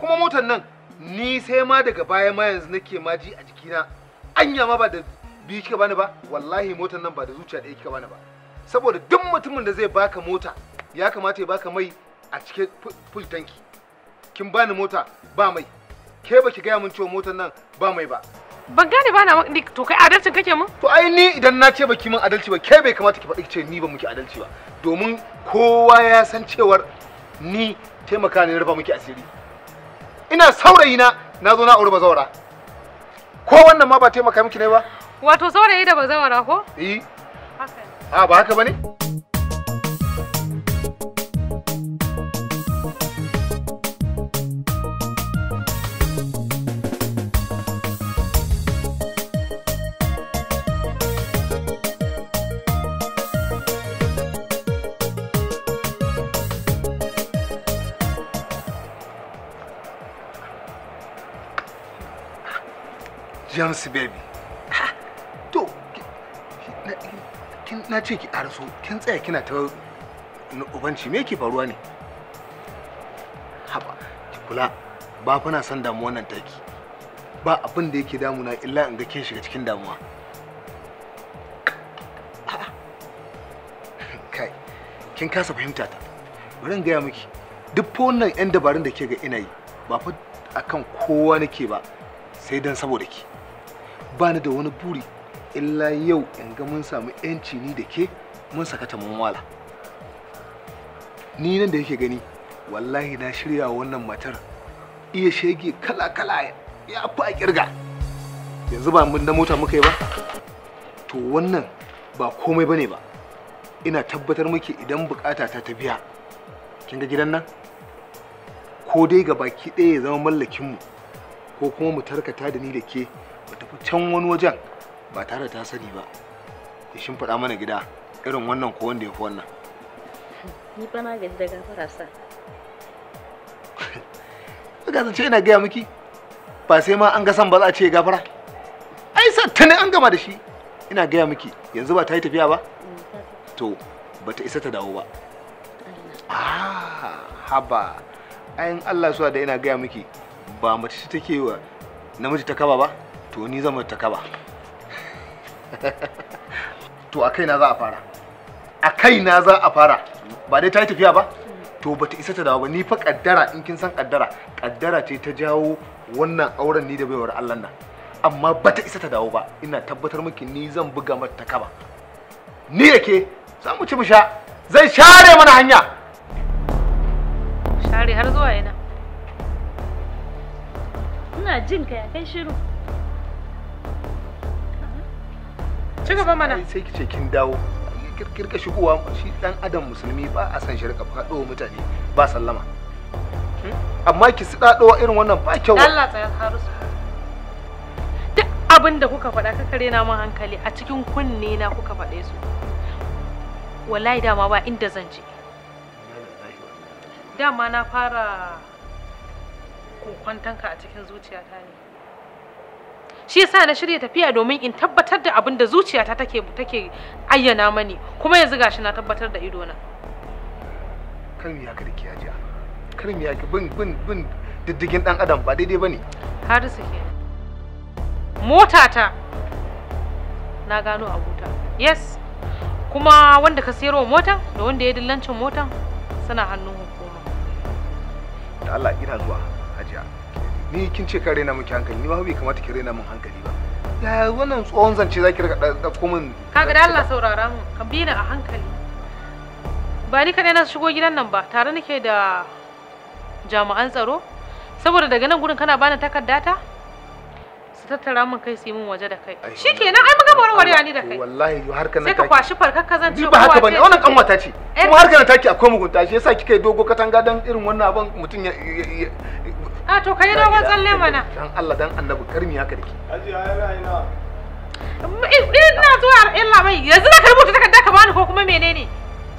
kuma motar nan ni sai ma daga baya ma yanzu nake ma ji a jikina anya ma ba da bi kika bani ba wallahi motar nan ba da zuciya ɗaya kika bani ba saboda duk mutumin da zai baka mota ya kamata ya baka mai a cikin full tanki kin bani mota ba mai ke ki gaya min cewa motar nan ba mai ba ban gane ba na to kai adalcin kake mun to ai ni idan na ce baki min adalci ba ke bai kamata ki faɗi ce ni ba muke adalci ba domin kowa ya san cewar ni taimaka ne rufa muke asiri ina saurayi na na zo na auri bazawara ko wannan ma ba taimaka miki ne ba wato saurayi da bazawara ko eh haka a ba haka bane James baby. To na ce ki arso kin tsaya kina ta ubanci me ke faruwa ne? Haba ki kula ba fa na son damuwa nan taki. Ba abin da yake damuna illa in ga kin shiga cikin damuwa. Kai kin kasa fahimta ta. Bari in gaya miki duk fa wannan 'yan dabarun da ke ga ina yi ba fa akan kowa nake ba sai dan saboda ki. bani da wani buri illa yau in ga mun samu yanci ni da ke mun sakata mun wala ni nan da yake gani wallahi na shirya wannan matar iya shege kala kala ya fa kirga yanzu ba mun da mota muka yi ba to wannan ba komai bane ba ina tabbatar muke idan bukata ta ta biya kin ga gidan nan ko dai ga baki ɗaya ya zama mallakin mu ko kuma mu tarkata da ni da ke tafi can wani wajen ba tare ta sani ba ya shimfiɗa mana gida irin wannan ko wanda ya fi wannan ni fa na gaji da gafara sa zance ina gaya miki ba sai ma an ga san ba za a ce gafara ai sattane an gama da shi ina gaya miki yanzu ba ta yi tafiya ba to ba ta isa ta dawo ba ah haba ayin allah suwa da ina gaya miki ba mace take wa namiji ta kaba ba to ni zama ta kaba to a kaina za a fara a kaina za a fara ba dai ta yi tafiya ba to bata isa ta dawo ba ni fa kaddara in kin san kaddara kaddara ce ta jawo wannan auren ni da baiwar Allah nan amma bata isa ta dawo ba ina tabbatar miki ni zan buga mata ta kaba ni da ke za mu ci mu sha zai share mana hanya share har zuwa yana ina jin ka ya kai shiru ci gaba mana sai ki ce kin dawo kirka shigowa shi dan adam musulmi ba a san shirka faɗo mutane ba sallama amma ki su daɗo irin wannan ba kyau Allah ta karu duk abin da kuka faɗa ka kare na mun hankali a cikin kunne na kuka faɗe su wallahi dama ba inda zan je dama na fara kokwantanka a cikin zuciyata ne shi yasa na shirya tafiya domin in tabbatar da abin da zuciyata take take ayyana mani kuma yanzu gashi na tabbatar da ido na karmi ya karki ya jiya kan ya bin bin bin diddigin dan adam ba daidai bane harisu ke motata na gano buta yes kuma wanda ka sayarwa motan da wanda ya dillancin motan suna hannun hukuma da Allah ina zuwa hajiya ni kin ce ka rena miki hankali ni ba bai kamata ki rena min hankali ba ya wannan tsohon zance zaki rika dauko min kaga da Allah saurara mu ka bi ni a hankali ba ni kadai na shigo gidan nan ba tare nake da jami'an tsaro saboda daga nan gurin kana bani takarda ta su tattara min kai su yi min waje da kai shikenan ai muka bar warya ni da kai wallahi harkar nan sai ka kwashi farkar ka zan ce ba haka bane wannan mata ce kuma har kana taki akwai mugunta shi yasa kika yi dogo katanga dan irin wannan abin mutum ya a to kai dogon tsalle mana dan Allah dan annabi karmi haka dake aji yana ina ina zuwa illa mai yanzu na ta takarda ka bani ko kuma menene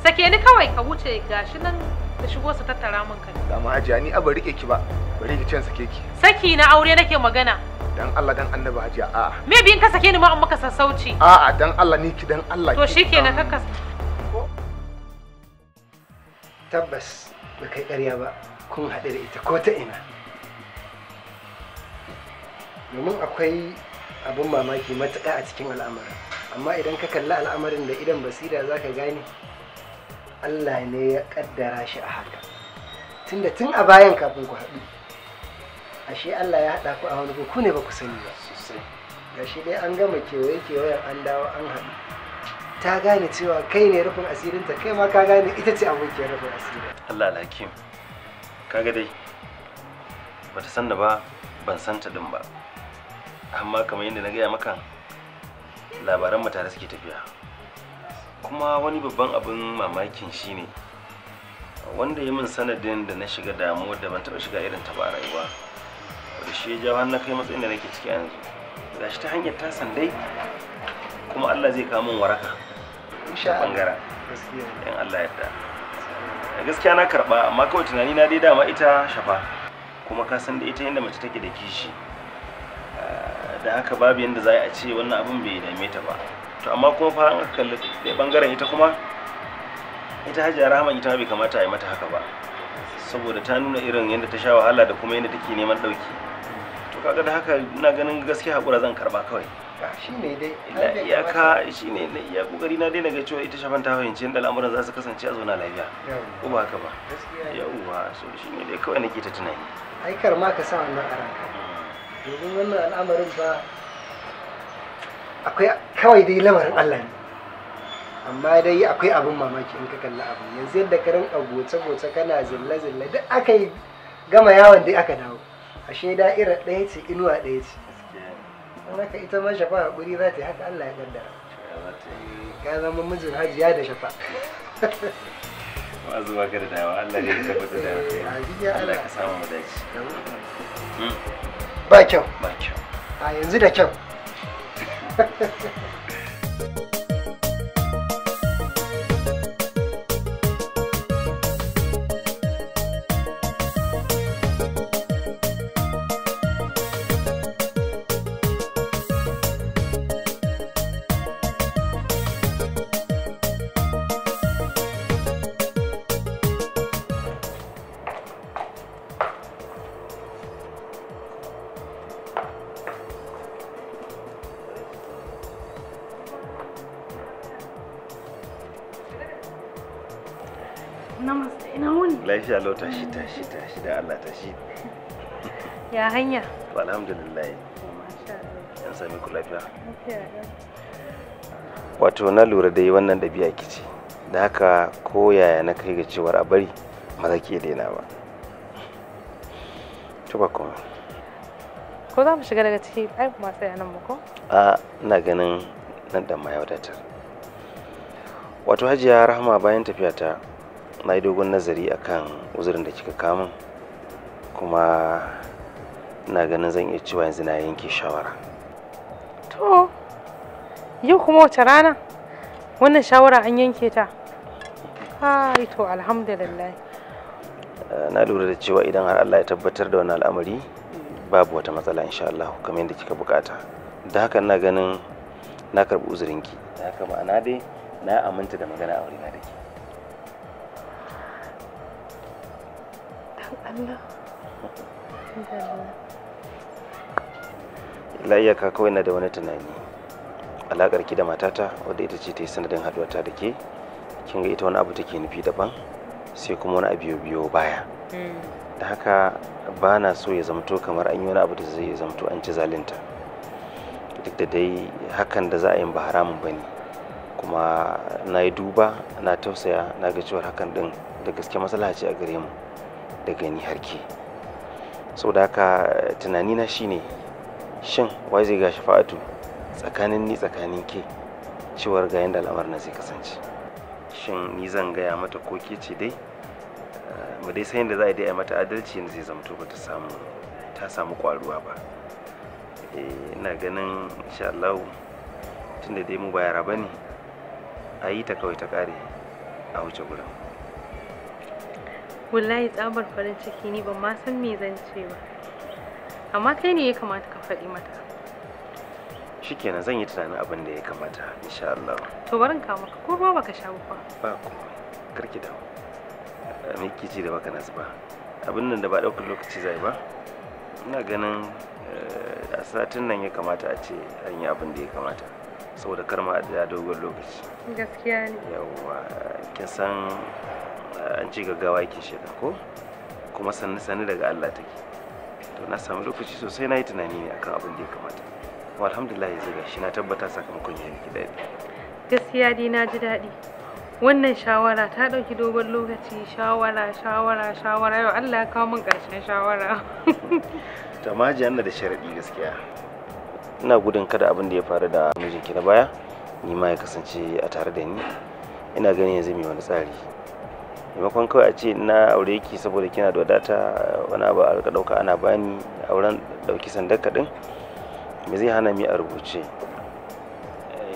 sake ni kawai ka wuce gashi nan da shigo su tattara min kai da ma hajiya ni ba rike ki ba bari ki can sake ki saki na aure nake magana dan Allah dan annabi hajiya a'a me biyin ka sake ni ma an maka sassauci a'a dan Allah ni ki dan Allah to shikenan kakka tabbas ba kai ƙarya ba kun haɗe da ita ko ta ina domin akwai abin mamaki matuƙa a cikin al'amarin amma idan ka kalli al'amarin da idan basira za ka gane allah ne ya ƙaddara shi a haka tunda tun a bayan kafin ku haɗu ashe allah ya haɗa ku a wani ku ne ba ku sani ba Ga shi dai an gama kewaye kewayen an dawo an haɗu ta gane cewa kai ne rufin asirinta kai ma ka gane ita ce abokiyar rufin asirin allah alhakim kaga dai bata san da ba ban santa din ba amma kamar yadda na gaya maka labaran mutane suke tafiya kuma wani babban abin mamakin shine wanda ya min sanadin da na shiga damuwa da ban taɓa shiga irin ta ba rayuwa da shi ya jawo har na kai matsayin da nake ciki yanzu gashi ta hanyar ta sandai kuma Allah zai kawo min waraka insha bangaren in Allah yadda gaskiya na karba amma kawai tunani na dai dama ita shafa kuma ka san da ita yadda mace take da kishi da haka babu yadda za a ce wannan abin bai dame ta ba to amma kuma fa an kalli Da bangaren ita kuma ita hajiya rahama ita bai kamata a yi mata haka ba saboda ta nuna irin yadda ta sha wahala da kuma yadda take neman ɗauki to kaga da haka ina ganin gaskiya hakura zan karba kawai shine dai ina iyaka shine na iya kokari na dai ga cewa ita shafan ta fahimci yadda al'amuran za su kasance a zauna lafiya ko ba haka ba yawwa so shine dai kawai nake ta tunani ai karma ka sa wannan a ranka domin wannan al'amarin fa akwai kawai dai lamarin Allah ne amma dai akwai abin mamaki in ka kalli abu yanzu yadda ka rinka goce-goce kana zille-zille duk aka yi gama yawon dai aka dawo ashe da'ira ɗaya ce inuwa ɗaya ce haka ita ma shafa a ƙuri za ta yi haka Allah ya kaddara ka zama mijin hajiya da shafa ma zuwa ga da dawa Allah ne ya tabbata da Allah ka samu mu dace ba kyau ba kyau a yanzu da kyau tashi shalo tashi tashi tashi da Allah tashi ya hanya to alhamdulillah Yan sami ku lafiya wato na lura dai wannan ɗabi'a kici da haka ko yaya na kai ga cewar a bari maza ke daina ba to ba kuma ko za mu shiga daga ciki ai kuma sai nan mu ko a ina ganin nan da ma ya wadatar wato hajiya rahama bayan tafiyata na yi dogon nazari akan uzurin da kika kamun kuma na ganin zan iya cewa yanzu na yanke shawara to yau kuma wace rana wannan shawara an yanke ta kai to alhamdulillah na lura da cewa idan har Allah ya tabbatar da wani al'amari babu wata matsala insha Allah kamar yadda kika bukata da haka na ganin na karbi uzurinki da haka ma'ana dai na aminta da magana a na da ke Allah. kawai na da wani tunani. Alakar ki da matata wadda ita ce ta yi sanadin haduwata da ke kin ga ita wani abu take nufi daban sai kuma wani abu biyo baya. Hmm. Da haka ba na so ya zamto kamar an yi wani abu da zai zamto an ci zalinta. Duk da dai hakan da za a yi ba haramun ba ne. Kuma na yi duba na tausaya na ga cewar hakan din da gaske matsala ce a gare mu. da gani harke sau da haka tunanina shine shin wai zai gashi fa'atu tsakanin ni tsakanin ke cewar ga yadda lamarin zai kasance shin ni zan gaya mata ko ke ce dai mu dai sayin da za a dai a mata adalci yadda zai zamto ba ta samu ta samu kwaruwa ba eh, ina ganin insha Allah tunda dai mu ba yara bane a yi ta kawai ta kare a wuce gurin wallahi tsabar farin ciki ni ban ma san me zan ce ba amma kai ne ya kamata ka faɗi mata shikenan zan yi tunanin abin da ya kamata insha Allah to barin ka maka ko ruwa baka sha ba ba ku karki da me kike ji da baka nasu ba abin nan da ba ɗaukar lokaci zai ba ina ganin eh, a satin nan ya kamata a ce an yi abin da ya kamata saboda karma da dogon lokaci gaskiya ne yawwa kin san an ci gaggawa yake shiga ko kuma sanni sanni daga Allah take to na samu lokaci sosai na yi tunani ne akan abin da ya kamata kuma alhamdulillah yanzu gashi na tabbata sakamakon ya miki daɗi gaskiya dai na ji daɗi wannan shawara ta ɗauki dogon lokaci shawara shawara shawara yau Allah ya kawo min ƙarshen shawara ta ma ji da sharaɗi gaskiya ina gudun kada abin da ya faru da mijinki na baya ni ma ya kasance a tare da ni ina ganin yanzu mai wani tsari maimakon kawai a ce na aure ki saboda kina da wadata wani abu a dauka ana bani auren dauki sandar kadin me zai hana mi a rubuce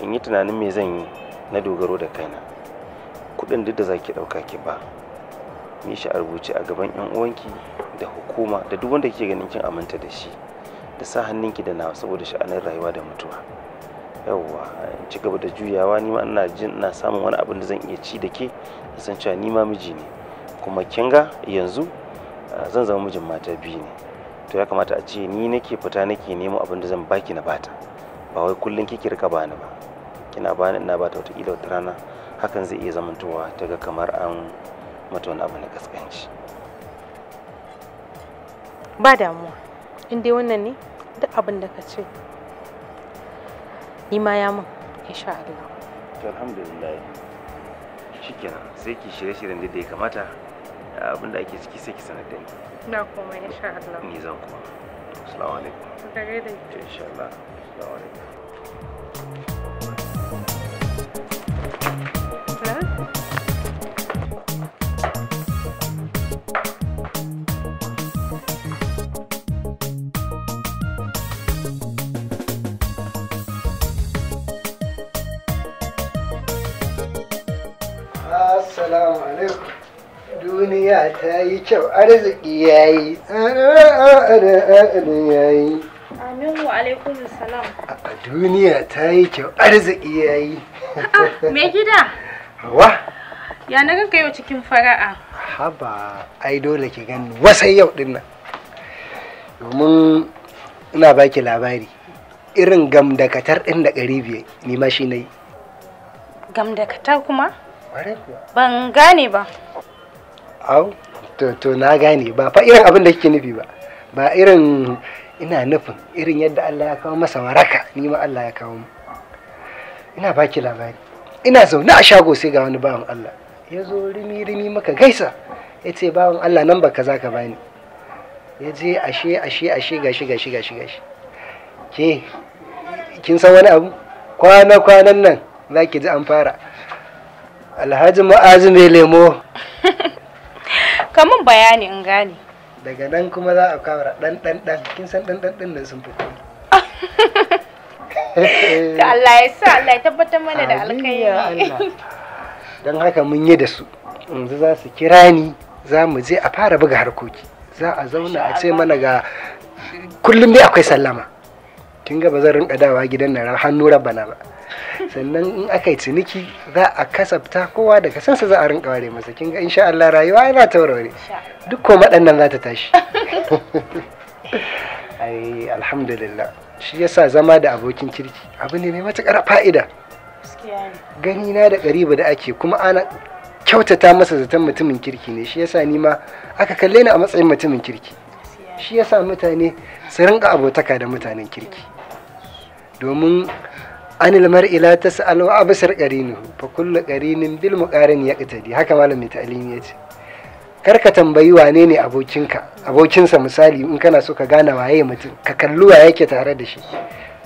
in yi tunanin me zan yi na dogaro da kaina kuɗin duk da za ki ɗauka ki ba yi shi a rubuce a gaban yan uwanki da hukuma da duk wanda kike ganin kin aminta da shi da sa hannunki da nawa saboda sha'anin rayuwa da mutuwa yawwa ci gaba da juyawa ni ma ina jin ina samun wani abin da zan iya ci da ke san cewa ni ma miji ne kuma kin ga yanzu ah, zan zama mijin mata biyu ne to ya kamata a ce ni nake fita nake nemo abin da zan baki na bata ba wai kullum kike rika bani ba kina bani ina bata wata kila wata rana hakan zai iya zamantowa ta ga kamar an mata wani abu na kaskanci ba damuwa in dai wannan ne duk abin da ka ce ni ma ya min insha Allah alhamdulillah shikenan sai ki shirye-shiryen da ya kamata abin da ake ciki sai ki sanar da ni na koma insha Allah ni zan koma assalamu alaikum ka ga dai insha Allah assalamu alaikum ta yi kyau, arziki ya yi. ya yi. Aminu A duniya ta yi kyau, arziki ya yi. Ah, me gida? Wa? Ya na ganka yau cikin fara'a. Haba, ai dole ki gani wasai yau din nan. Domin ina baki labari. Irin gamdakatar ɗin da ƙari biyar, ni ma shi na yi. Gamdakatar kuma? Ban gane ba. au to to na gane ba fa irin abin da kike nufi ba ba irin ina nufin irin yadda Allah ya kawo masa waraka ni ma Allah ya kawo mu ina baki labari ina zaune a shago sai ga wani bawan Allah ya zo rimi rimi maka gaisa ya ce bawan Allah nan ba kaza ka bani ya je ashe ashe ashe gashi gashi gashi gashi ke kin san wani abu kwana kwanan nan za ki ji an fara alhaji ma'azi mai lemo ka mun bayani in gane daga nan kuma za a kawara dan dan dan kin san dan dan din nan sun fi Allah ya sa Allah ya tabbatar mana da alkhairi don haka mun yi da su yanzu za su kira ni za mu je a fara buga harkoki za a zauna a ce mana ga kullum dai akwai sallama kin ga ba zan rinka dawa gidan nan hannu rabbana ba sannan in aka yi ciniki za a kasafta kowa da kasansa za a rinka ware masa kin ga insha Allah rayuwa yana taurare duk ko maɗannan za ta tashi ai alhamdulillah shi yasa zama da abokin kirki abu ne mai matukar fa'ida gani na da kariba da ake kuma ana kyautata masa zaton mutumin kirki ne shi yasa ni ma aka kalle ni a matsayin mutumin kirki shi yasa mutane su rinka abotaka da mutanen kirki domin ilmar ila ta tas'al a basar ƙarini fa kullu ƙarinin bil muqarin yaqtadi haka malam mai ta'lim ya kar ka tambayi wane ne abokinka abokinsa misali in kana so ka gane waye mutum ka kalli wa yake tare da shi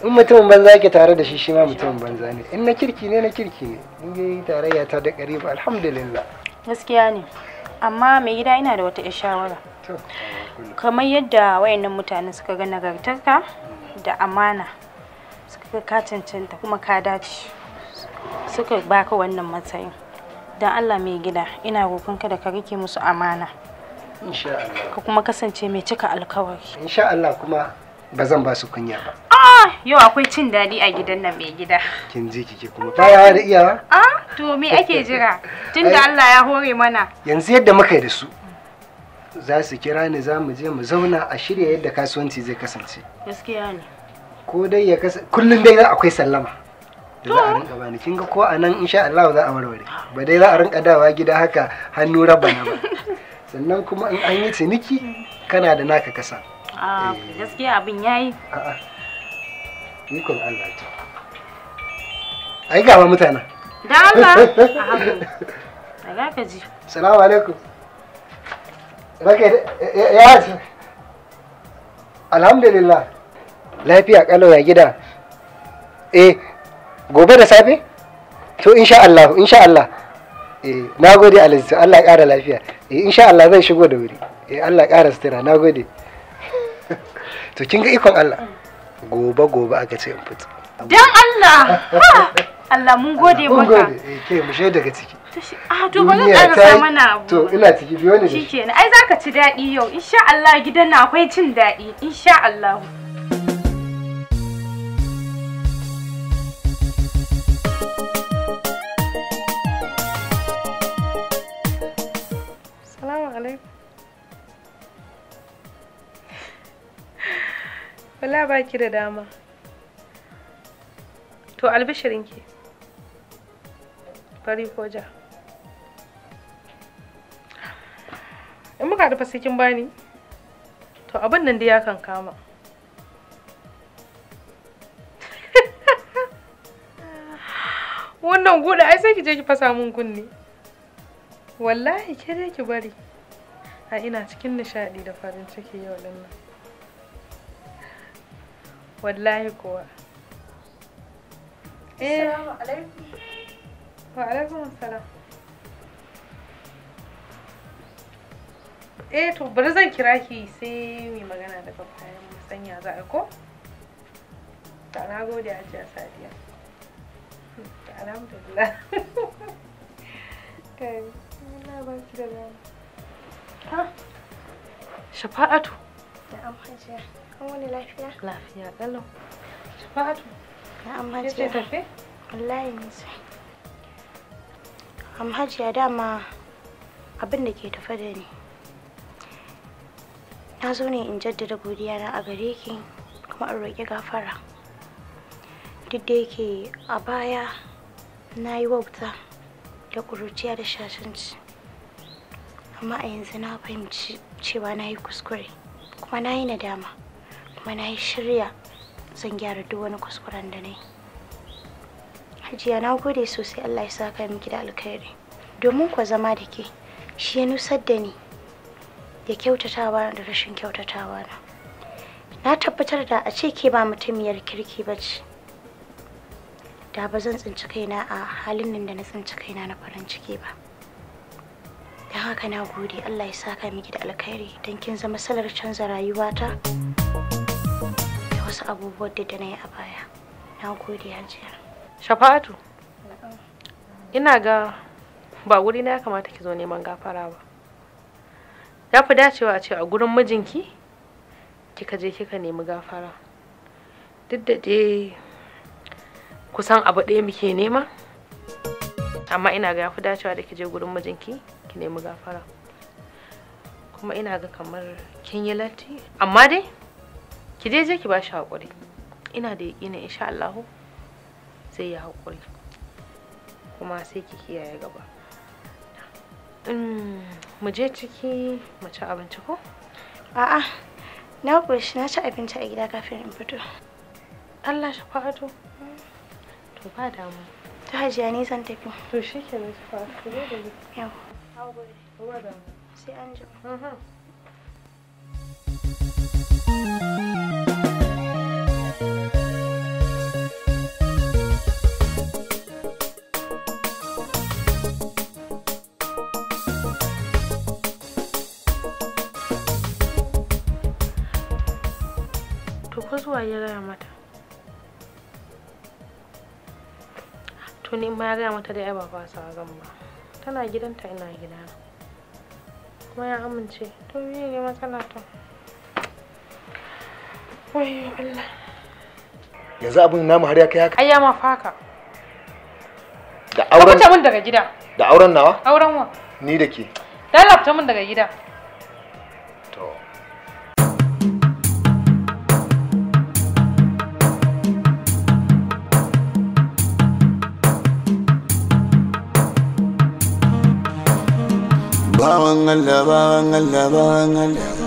in mutumin banza yake tare da shi shi ma mutumin banza ne in na kirki ne na kirki ne in yi tarayya ta da ƙari alhamdulillah gaskiya ne amma mai gida ina da wata 'yar shawara kamar yadda wayannan mutane suka ga nagartarka da amana suka ka cancanta kuma ka dace suka baka wannan matsayin don allah mai gida ina roƙonka da ka rike musu amana ka kuma kasance mai cika alkawari insha allah kuma ba zan ba su kunya ba ah, yau akwai cin daɗi a gidan nan mai gida kin ji kike kuma fara da iyawa a ah, to me ake jira tun da allah ya hore mana yanzu yadda muka yi da su za su kira ni za mu je mu zauna a shirya yadda kasuwanci zai kasance gaskiya ne ko dai ya kasa kullum dai akwai sallama da za a rinka bani kin ga ko a nan insha Allah za a warware ba dai za a rinka dawa gida haka hannu raba na ba sannan kuma in an yi ciniki kana da naka kasa a gaskiya abin yayi a'a ikon Allah ta ai ga ma mutanen da Allah a hagu da ka ji salamu alaikum rake ya alhamdulillah lafiya kalau ya gida eh gobe da safe to insha Allah insha Allah eh nagode alhaji Allah ya kara lafiya eh insha Allah zan shigo da wuri eh Allah ya kara sutura nagode to kin ga ikon Allah gobe gobe aka ce in fito dan Allah Allah mun gode maka mun gode eh ke mu daga ciki a ah, to ba zan ƙarasa mana abu to ina ciki biyo ne kenan, ai zaka ci daɗi yau insha Allah gidan na akwai cin daɗi insha Allah Wallahi ba ki da dama. To albishirinki. Fari ko ja. In muka rufe sai kin bani. To abin nan dai ya kan kama. Wannan gudu ai sai ki je ki fasa mun kunni. Wallahi ke dai ki bari. A ina cikin nishadi da farin ciki yau dinnan. nan. wallahi kuwa eh wa alaikum salam eh to bari zan kira ki sai mu magana daga bayan mu sanya za a ko ta na gode a jiya sadiya alhamdulillah kai na ba ki da rana ha shafa'atu Na'am Am Hajiya dama abin da ke tafa da ni. Na zo ne in jaddada godiya na a gare ki kuma in roƙi gafara. Duk da yake a baya na yi wauta da ƙuruciya da shashanci. Amma a yanzu na fahimci cewa na yi kuskure. kuma na yi nadama kuma na yi shirya zan gyara duk wani kuskuren da na yi hajiya na gode sosai allah ya saka miki da alkhairi domin kwa zama da ke shi ya nusar da ni da kyautatawa da rashin kyautatawa na na tabbatar da a ce ke ba mutumiyar kirki ba ce da ba zan tsinci kaina a halin nan da na tsinci kaina na farin ciki ba don haka na gode allah ya saka miki da alkhairi don kin zama salar canza rayuwata da wasu abubuwan da na yi a baya na gode hajiya shafa'atu ina ga ba wuri na ya kamata ki zo neman gafara ba ya fi dacewa a ce a gurin mijinki kika je kika nemi gafara duk da dai kusan abu ɗaya muke nema amma ina ga ya fi dacewa da ki je gurin mijinki ki nemi gafara kuma ina ga kamar kin yi latti amma dai ki je je ki ba shi haƙuri ina da yaƙina insha Allah zai yi haƙuri kuma sai ki kiyaye gaba mm, mu je ciki mu ci abinci ko a'a na shi. na ci abinci a gida kafin in fito Allah shi fa'ato to ba damu ta hajiya ni zan tafi to shikenan shi fa'ato yau Sai an jima. ko zuwa ya gaya mata to ne ma ya gaya mata da yaba ba fasa zan ba tana gidanta ina gida kuma ya amince to yi ne matsala ta wayo Allah yanzu abin namu har ya kai haka ayya ma faka da auren ka mun daga gida da auren nawa auren wa ni da ke lalabta mun daga gida வாங்கல்ல வாங்கல்ல வாங்கல்ல